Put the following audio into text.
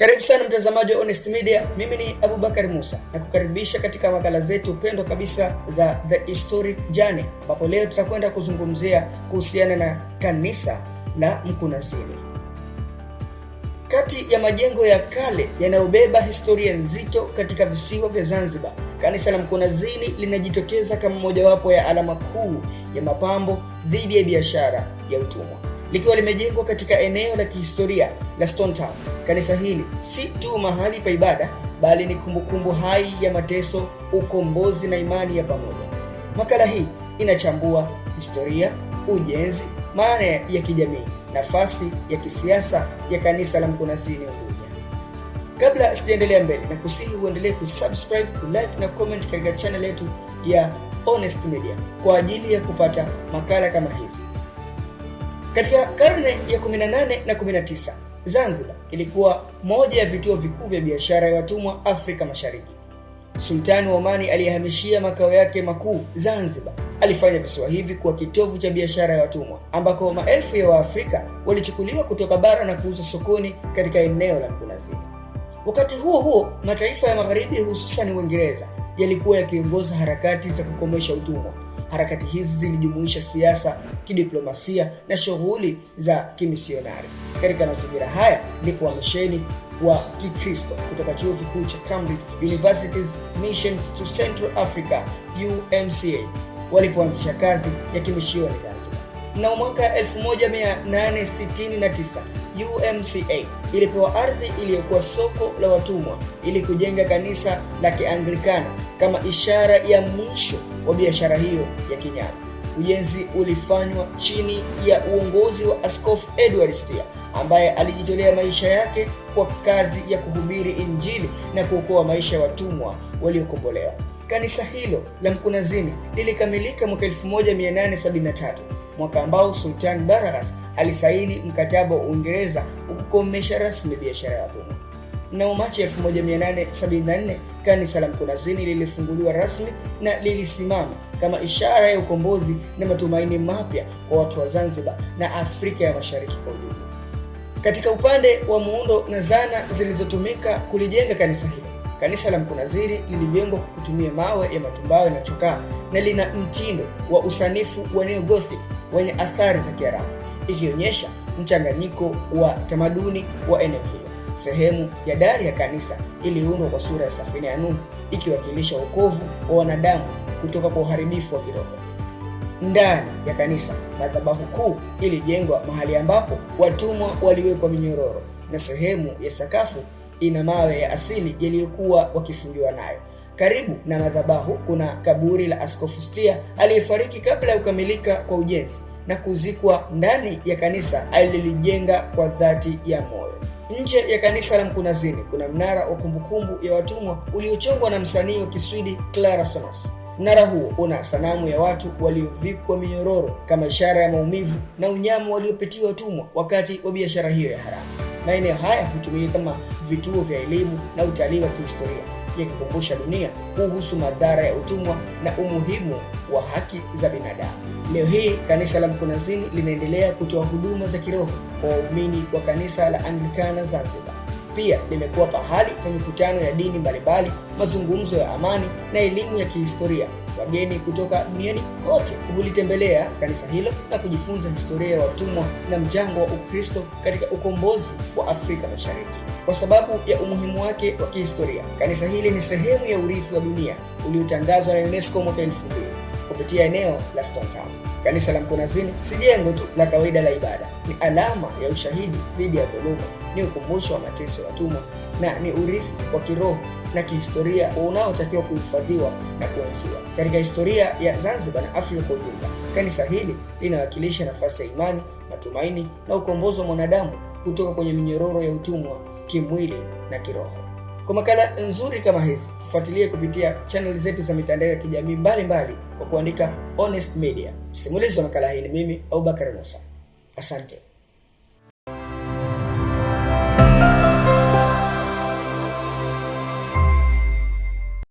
Karibu sana mtazamaji wa Honest Media, mimi ni Abubakar Musa na kukaribisha katika makala zetu pendwa kabisa za The Historic Journey, ambapo leo tutakwenda kuzungumzia kuhusiana na kanisa la Mkunazini. Kati ya majengo ya kale yanayobeba historia nzito katika visiwa vya Zanzibar, kanisa la Mkunazini linajitokeza kama mojawapo ya alama kuu ya mapambo dhidi ya biashara ya utumwa likiwa limejengwa katika eneo la kihistoria la Stone Town. Kanisa hili si tu mahali pa ibada, bali ni kumbukumbu hai ya mateso, ukombozi na imani ya pamoja. Makala hii inachambua historia, ujenzi, maana ya kijamii, nafasi ya kisiasa ya kanisa la Mkunazini Unguja. Kabla sijaendelea mbele, na kusihi uendelee kusubscribe, kulike na comment katika channel yetu ya Honest Media kwa ajili ya kupata makala kama hizi. Katika karne ya 18 na 19, Zanzibar ilikuwa moja ya vituo vikuu vya biashara ya watumwa Afrika Mashariki. Sultani wa Omani aliyehamishia makao yake makuu Zanzibar alifanya visiwa hivi kuwa kitovu cha biashara ya watumwa, ambako maelfu ya Waafrika walichukuliwa kutoka bara na kuuza sokoni katika eneo la Mkunazini. Wakati huo huo, mataifa ya Magharibi hususani Uingereza yalikuwa yakiongoza harakati za kukomesha utumwa Harakati hizi zilijumuisha siasa, kidiplomasia na shughuli za kimisionari. Katika mazingira haya ndipo wamisheni wa Kikristo kutoka chuo kikuu cha Cambridge University's Missions to Central Africa UMCA walipoanzisha kazi ya kimisioni Zanzibar. Mnamo mwaka 1869 UMCA ilipewa ardhi iliyokuwa soko la watumwa ili kujenga kanisa la Kianglikana kama ishara ya mwisho wa biashara hiyo ya kinyama. Ujenzi ulifanywa chini ya uongozi wa Askofu Edward Steer ambaye alijitolea maisha yake kwa kazi ya kuhubiri Injili na kuokoa maisha ya watumwa waliokombolewa. Kanisa hilo la Mkunazini lilikamilika mwaka 1873, mwaka ambao Sultan Baraghas alisaini mkataba wa Uingereza ukukomesha rasmi biashara ya watumwa. Mnamo Machi 1874 kanisa la Mkunazini lilifunguliwa rasmi na lilisimama kama ishara ya ukombozi na matumaini mapya kwa watu wa Zanzibar na Afrika ya Mashariki kwa ujumla. Katika upande wa muundo na zana zilizotumika kulijenga kanisa hilo, kanisa la Mkunazini lilijengwa kwa kutumia mawe ya matumbawe na chokaa na lina mtindo wa usanifu wa Neo-Gothic wenye athari za Kiarabu, ikionyesha mchanganyiko wa tamaduni wa eneo hilo. Sehemu ya dari ya kanisa iliundwa kwa sura ya safina ya Nuhu, ikiwakilisha wokovu wa wanadamu kutoka kwa uharibifu wa kiroho. Ndani ya kanisa, madhabahu kuu ilijengwa mahali ambapo watumwa waliwekwa minyororo, na sehemu ya sakafu ina mawe ya asili yaliyokuwa wakifungiwa nayo. Karibu na madhabahu kuna kaburi la Askofu Stia aliyefariki kabla ya kukamilika kwa ujenzi na kuzikwa ndani ya kanisa alilijenga kwa dhati ya moyo. Nje ya kanisa la Mkunazini kuna mnara wa kumbukumbu ya watumwa uliochongwa na msanii wa Kiswidi Clara Sonas. Mnara huo una sanamu ya watu waliovikwa minyororo kama ishara ya maumivu na unyama waliopitiwa watumwa wakati wa biashara hiyo ya haramu. Maeneo haya hutumika kama vituo vya elimu na utalii wa kihistoria yakikumbusha dunia kuhusu madhara ya utumwa na umuhimu wa haki za binadamu. Leo hii kanisa la Mkunazini linaendelea kutoa huduma za kiroho kwa waumini wa kanisa la Anglikana Zanzibar. Pia limekuwa pahali pa mikutano ya dini mbalimbali, mazungumzo ya amani na elimu ya kihistoria Wageni kutoka duniani kote hulitembelea kanisa hilo na kujifunza historia ya watumwa na mchango wa Ukristo katika ukombozi wa Afrika Mashariki. Kwa sababu ya umuhimu wake wa kihistoria, kanisa hili ni sehemu ya urithi wa dunia uliotangazwa na UNESCO mwaka 2000 kupitia eneo la Stone Town. Kanisa la Mkunazini si jengo tu la kawaida la ibada, ni alama ya ushahidi dhidi ya dhuluma, ni ukumbusho wa mateso ya watumwa na ni urithi wa kiroho na kihistoria unaotakiwa kuhifadhiwa na kuenziwa. Katika historia ya Zanzibar na Afrika kwa ujumla, kanisa hili linawakilisha nafasi ya imani, matumaini na ukombozi wa mwanadamu kutoka kwenye minyororo ya utumwa kimwili na kiroho. Kwa makala nzuri kama hizi, tufuatilie kupitia chanel zetu za mitandao ya kijamii mbalimbali kwa kuandika Honest Media. Msimulizi wa makala hii ni mimi Abubakar Musa. Asante.